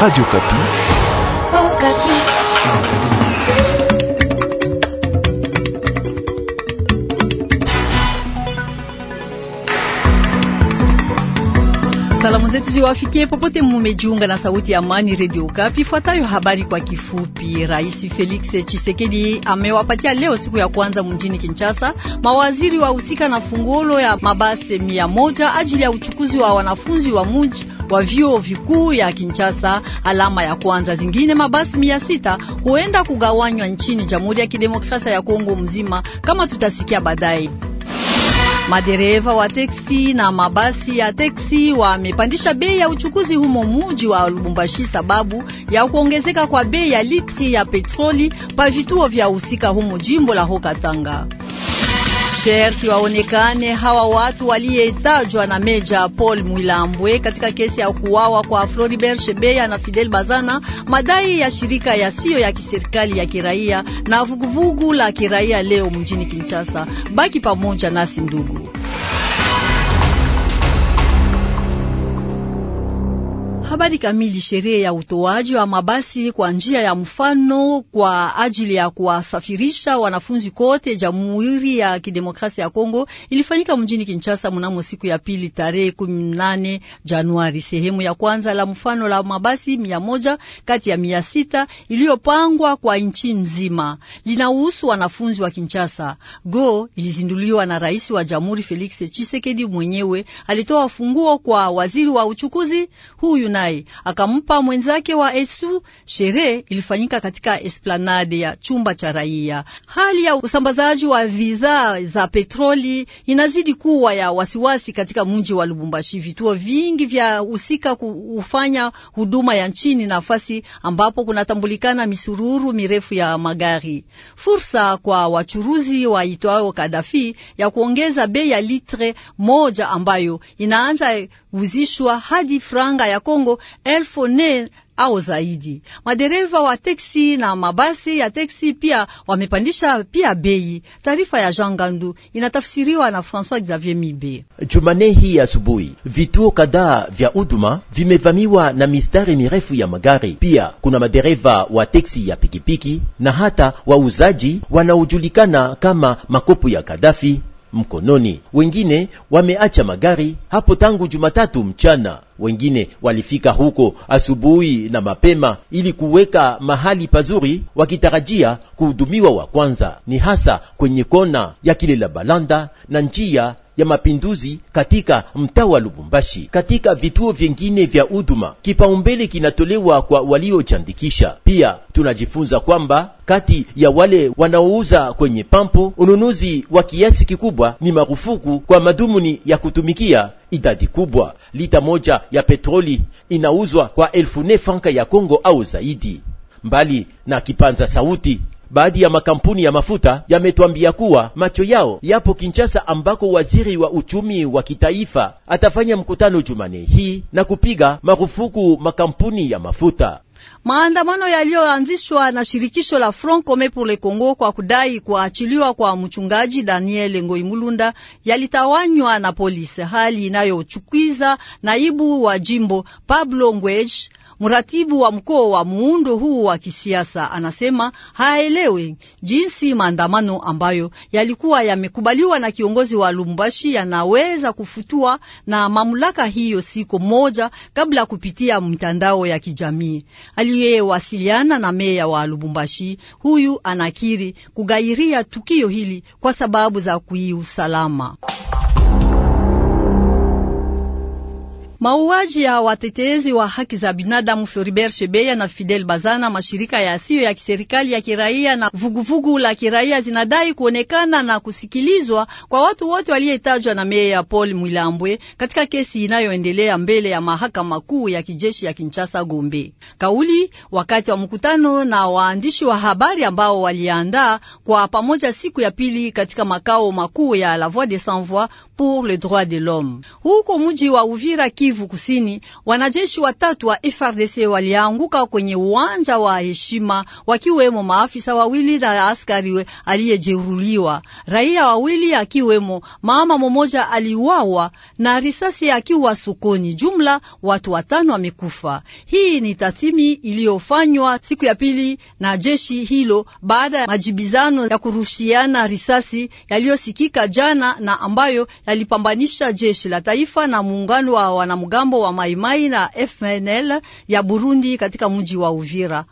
Radio Kapi. Oh, Kapi. Salamu zetu ziwafikie popote mumejiunga na sauti ya amani Radio Kapi. Fuatayo habari kwa kifupi. Rais Felix Tshisekedi amewapatia leo siku ya kwanza mjini Kinshasa mawaziri wahusika na fungolo ya mabasi mia moja ajili ya uchukuzi wa wanafunzi wa mji wa vyuo vikuu ya Kinshasa, alama ya kwanza. Zingine mabasi mia sita huenda kugawanywa nchini Jamhuri ya Kidemokrasia ya Kongo mzima, kama tutasikia baadaye. Madereva wa teksi na mabasi ya teksi wamepandisha bei ya uchukuzi humo muji wa Lubumbashi sababu ya kuongezeka kwa bei ya litri ya petroli pa vituo vya husika humo jimbo la Haut-Katanga sherti waonekane hawa watu waliyetajwa na Meja Paul Mwilambwe katika kesi ya kuuawa kwa Floribert Chebeya na Fidel Bazana, madai ya shirika yasiyo ya kiserikali ya kiraia na vuguvugu la kiraia leo mjini Kinshasa. Baki pamoja nasi ndugu. Habari kamili. Sherehe ya utoaji wa mabasi kwa njia ya mfano kwa ajili ya kuwasafirisha wanafunzi kote Jamhuri ya Kidemokrasia ya Kongo ilifanyika mjini Kinshasa mnamo siku ya pili tarehe 18 Januari. Sehemu ya kwanza la mfano la mabasi mia moja kati ya mia sita iliyopangwa kwa nchi nzima linahusu wanafunzi wa Kinshasa. Go ilizinduliwa na Rais wa Jamhuri Felix Tshisekedi mwenyewe, alitoa funguo kwa waziri wa uchukuzi huyu na naye akampa mwenzake wa Esu. Sherehe ilifanyika katika esplanade ya chumba cha raia. Hali ya usambazaji wa vizaa za petroli inazidi kuwa ya wasiwasi katika mji wa Lubumbashi. Vituo vingi vya husika kufanya huduma ya nchini, nafasi ambapo kunatambulikana misururu mirefu ya magari. Fursa kwa wachuruzi waitwao Kadafi ya kuongeza bei ya litre moja ambayo inaanza uzishwa hadi franga ya Kongo Kongo elfu nne au zaidi. Madereva wa teksi na mabasi ya teksi pia wamepandisha pia bei. Taarifa ya Jean Gandu inatafsiriwa na François Xavier Mibe. Jumane hii asubuhi, vituo kadhaa vya huduma vimevamiwa na mistari mirefu ya magari. Pia kuna madereva wa teksi ya pikipiki na hata wauzaji wanaojulikana kama makopo ya Gaddafi mkononi, wengine wameacha magari hapo tangu Jumatatu mchana, wengine walifika huko asubuhi na mapema ili kuweka mahali pazuri, wakitarajia kuhudumiwa wa kwanza, ni hasa kwenye kona ya kile la Balanda na njia ya mapinduzi katika mtaa wa Lubumbashi. Katika vituo vingine vya huduma, kipaumbele kinatolewa kwa waliojiandikisha. Pia tunajifunza kwamba kati ya wale wanaouza kwenye pampo, ununuzi wa kiasi kikubwa ni marufuku kwa madhumuni ya kutumikia idadi kubwa. Lita moja ya petroli inauzwa kwa elfu nne franka ya Kongo au zaidi. Mbali na kipanza sauti Baadhi ya makampuni ya mafuta yametwambia kuwa macho yao yapo Kinshasa, ambako waziri wa uchumi wa kitaifa atafanya mkutano Jumane hii na kupiga marufuku makampuni ya mafuta. Maandamano yaliyoanzishwa na shirikisho la Front Commun pour le Congo kwa kudai kuachiliwa kwa mchungaji Daniel Ngoi Mulunda yalitawanywa na polisi, hali inayochukiza naibu wa jimbo Pablo Ngwej, mratibu wa mkoa wa muundo huu wa kisiasa. Anasema haelewi jinsi maandamano ambayo yalikuwa yamekubaliwa na kiongozi wa lumbashi yanaweza kufutua na mamlaka hiyo siku moja kabla kupitia mtandao ya kijamii aliyewasiliana na meya wa Lubumbashi, huyu anakiri kugairia tukio hili kwa sababu za kuiusalama. Mauaji ya watetezi wa haki za binadamu Floribert Chebeya na Fidel Bazana, mashirika yasiyo ya, ya kiserikali ya kiraia na vuguvugu la kiraia zinadai kuonekana na kusikilizwa kwa watu wote waliyetajwa na meya Paul Mwilambwe katika kesi inayoendelea mbele ya mahakama kuu ya kijeshi ya Kinshasa Gombe. Kauli wakati wa mkutano na waandishi wa habari ambao waliandaa kwa pamoja siku ya pili katika makao makuu ya La Voix des Sans Voix pour le droit de l'homme huko mji wa Uvira ki Kivu Kusini, wanajeshi watatu wa frdc walianguka kwenye uwanja wa heshima, wakiwemo maafisa wawili na askari aliyejeruhiwa. Raia wawili akiwemo mama mmoja aliuawa na risasi akiwa sokoni. Jumla watu watano wamekufa. Hii ni tathimi iliyofanywa siku ya pili na jeshi hilo baada ya majibizano ya kurushiana risasi yaliyosikika jana na ambayo yalipambanisha jeshi la taifa na muungano wa wana wanamgambo wa Maimai na FNL ya Burundi katika mji wa Uvira.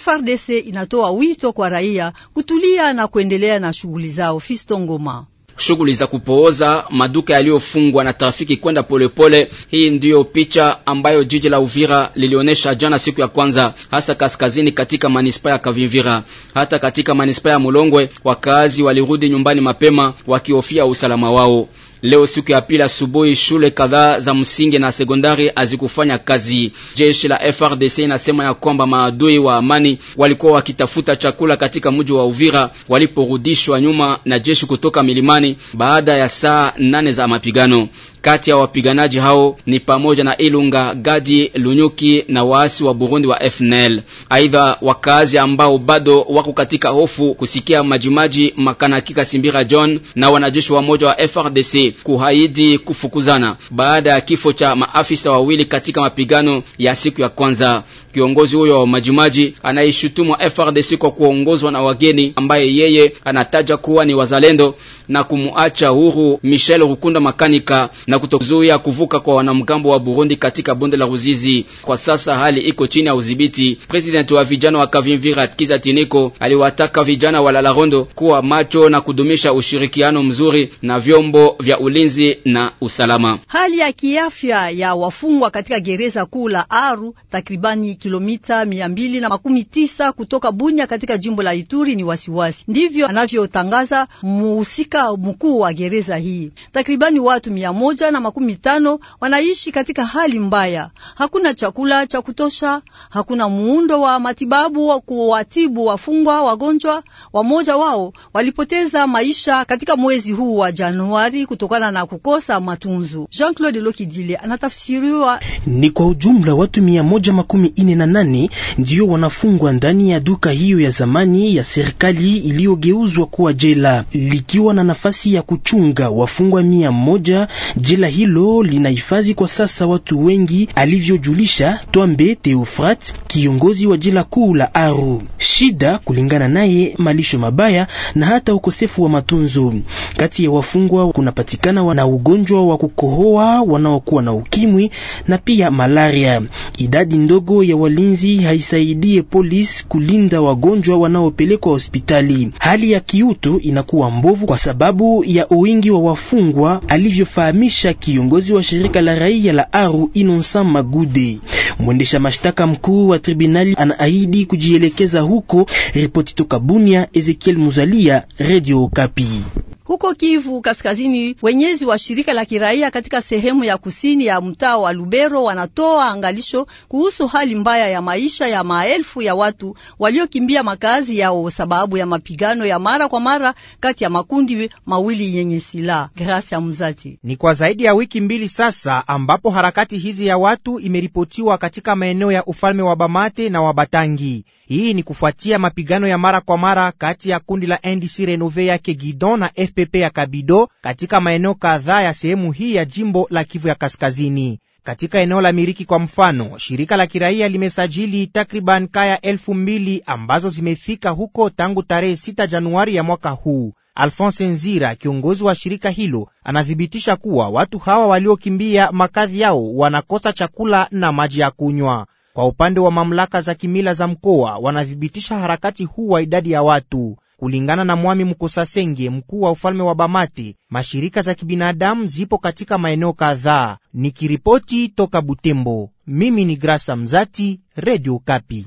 FRDC inatoa wito kwa raia kutulia na kuendelea na shughuli zao. Fisto Ngoma shughuli za kupooza maduka yaliyofungwa na trafiki kwenda polepole. Hii ndiyo picha ambayo jiji la Uvira lilionyesha jana siku ya kwanza, hasa kaskazini katika manispaa ya Kavimvira. Hata katika manispaa ya Mulongwe, wakazi walirudi nyumbani mapema wakihofia usalama wao. Leo siku ya pili asubuhi, shule kadhaa za msingi na sekondari hazikufanya kazi. Jeshi la FRDC inasema ya kwamba maadui wa amani walikuwa wakitafuta chakula katika mji wa Uvira waliporudishwa nyuma na jeshi kutoka milimani baada ya saa nane za mapigano. Kati ya wapiganaji hao ni pamoja na Ilunga Gadi Lunyuki na waasi wa Burundi wa FNL. Aidha, wakazi ambao bado wako katika hofu kusikia majimaji Makanaki Kasimbira John na wanajeshi wa moja wa FRDC kuhaidi kufukuzana baada ya kifo cha maafisa wawili katika mapigano ya siku ya kwanza. Kiongozi huyo wa majimaji anaishutumu FRDC kwa kuongozwa na wageni ambaye yeye anataja kuwa ni wazalendo na kumuacha huru Michel Rukunda Makanika na na kutozuia kuvuka kwa wanamgambo wa Burundi katika bonde la Ruzizi. Kwa sasa hali iko chini ya udhibiti. President wa vijana wa Kavimvira kizatiniko aliwataka vijana wa Lalarondo kuwa macho na kudumisha ushirikiano mzuri na vyombo vya ulinzi na usalama. Hali ya kiafya ya wafungwa katika gereza kuu la Aru takribani kilomita mia mbili na makumi tisa kutoka Bunya katika jimbo la Ituri ni wasiwasi. Ndivyo anavyotangaza muhusika mkuu wa gereza hii. Takribani watu mia moja na makumi tano wanaishi katika hali mbaya. Hakuna chakula cha kutosha, hakuna muundo wa matibabu wa kuwatibu wafungwa wagonjwa. Wamoja wao walipoteza maisha katika mwezi huu wa Januari kutokana na kukosa matunzo. Jean-Claude Lokidile anatafsiriwa. Ni kwa ujumla watu mia moja makumi ine na nane ndiyo wanafungwa ndani ya duka hiyo ya zamani ya serikali iliyogeuzwa kuwa jela likiwa na nafasi ya kuchunga wafungwa mia moja. Jela hilo linahifadhi kwa sasa watu wengi, alivyojulisha Twambe teofrat kiongozi wa jela kuu la Aru. Shida kulingana naye malisho mabaya na hata ukosefu wa matunzo. Kati ya wafungwa kunapatikana na ugonjwa wa kukohoa wanaokuwa na ukimwi na pia malaria. Idadi ndogo ya walinzi haisaidie polisi kulinda wagonjwa wanaopelekwa hospitali. Hali ya kiutu inakuwa mbovu kwa sababu ya uwingi wa wafungwa alivyofahamisha alijulisha kiongozi wa shirika la raia la Aru Inonsa Magude. Mwendesha mashtaka mkuu wa tribunali anaahidi kujielekeza huko. Ripoti toka Bunia, Ezekiel Muzalia, Radio Okapi. Huko Kivu Kaskazini, wenyezi wa shirika la kiraia katika sehemu ya kusini ya mtaa wa Lubero wanatoa angalisho kuhusu hali mbaya ya maisha ya maelfu ya watu waliokimbia makazi yao sababu ya mapigano ya mara kwa mara kati ya makundi mawili yenye silaha. Gracia Mzati. Ni kwa zaidi ya wiki mbili sasa ambapo harakati hizi ya watu imeripotiwa katika maeneo ya ufalme wa Bamate na wa Batangi. Hii ni kufuatia mapigano ya mara kwa mara kati ya kundi la NDC Renove yake Gidon na F pepe ya Kabido katika maeneo kadhaa ya sehemu hii ya jimbo la Kivu ya Kaskazini. Katika eneo la Miriki kwa mfano, shirika la kiraia limesajili takriban kaya elfu mbili ambazo zimefika huko tangu tarehe 6 Januari ya mwaka huu. Alphonse Nzira, kiongozi wa shirika hilo, anathibitisha kuwa watu hawa waliokimbia makazi yao wanakosa chakula na maji ya kunywa. Kwa upande wa mamlaka za kimila za mkoa wanathibitisha harakati huu wa idadi ya watu kulingana na Mwami Mkosasenge, mkuu wa ufalme wa Bamati, mashirika za kibinadamu zipo katika maeneo kadhaa. Nikiripoti toka Butembo, mimi ni Grasa Mzati, redio Kapi.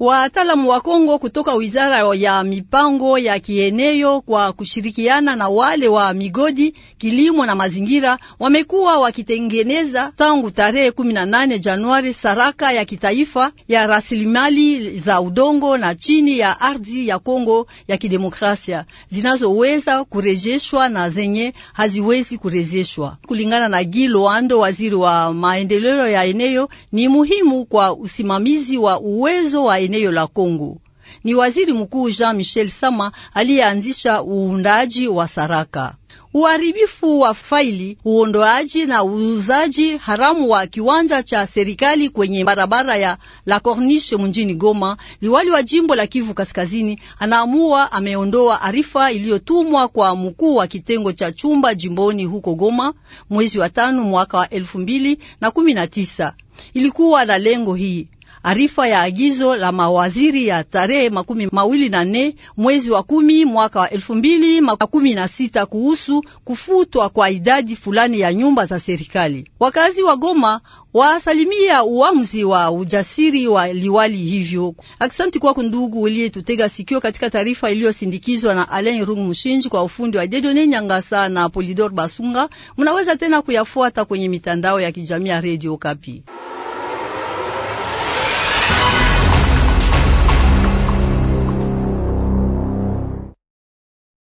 Wataalamu wa Kongo kutoka wizara ya mipango ya kieneo kwa kushirikiana na wale wa migodi, kilimo na mazingira wamekuwa wakitengeneza tangu tarehe 18 Januari saraka ya kitaifa ya rasilimali za udongo na chini ya ardhi ya Kongo ya kidemokrasia zinazoweza kurejeshwa na zenye haziwezi kurejeshwa. Kulingana na Ando, waziri wa maendeleo ya eneo, ni muhimu kwa usimamizi wa uwezo wa eneo la Kongo. Ni waziri mkuu Jean Michel Sama aliyeanzisha uundaji wa Saraka. Uharibifu wa faili, uondoaji na uuzaji haramu wa kiwanja cha serikali kwenye barabara ya La Corniche mjini Goma, liwali wa jimbo la Kivu Kaskazini anaamua ameondoa arifa iliyotumwa kwa mkuu wa kitengo cha chumba jimboni huko Goma mwezi wa tano mwaka wa elfu mbili na kumi na tisa. Ilikuwa na lengo hii arifa ya agizo la mawaziri ya tarehe makumi mawili na nne mwezi wa kumi mwaka wa elfu mbili makumi na sita kuhusu kufutwa kwa idadi fulani ya nyumba za serikali. Wakazi wa Goma wasalimia uamuzi wa ujasiri wa liwali hivyo. Aksanti kwako ndugu uliyetutega sikio katika taarifa iliyosindikizwa na Alain rung mshinji kwa ufundi wa Dedone Nyangasa na Polidor Basunga. Munaweza tena kuyafuata kwenye mitandao ya kijamii ya Redio Kapi.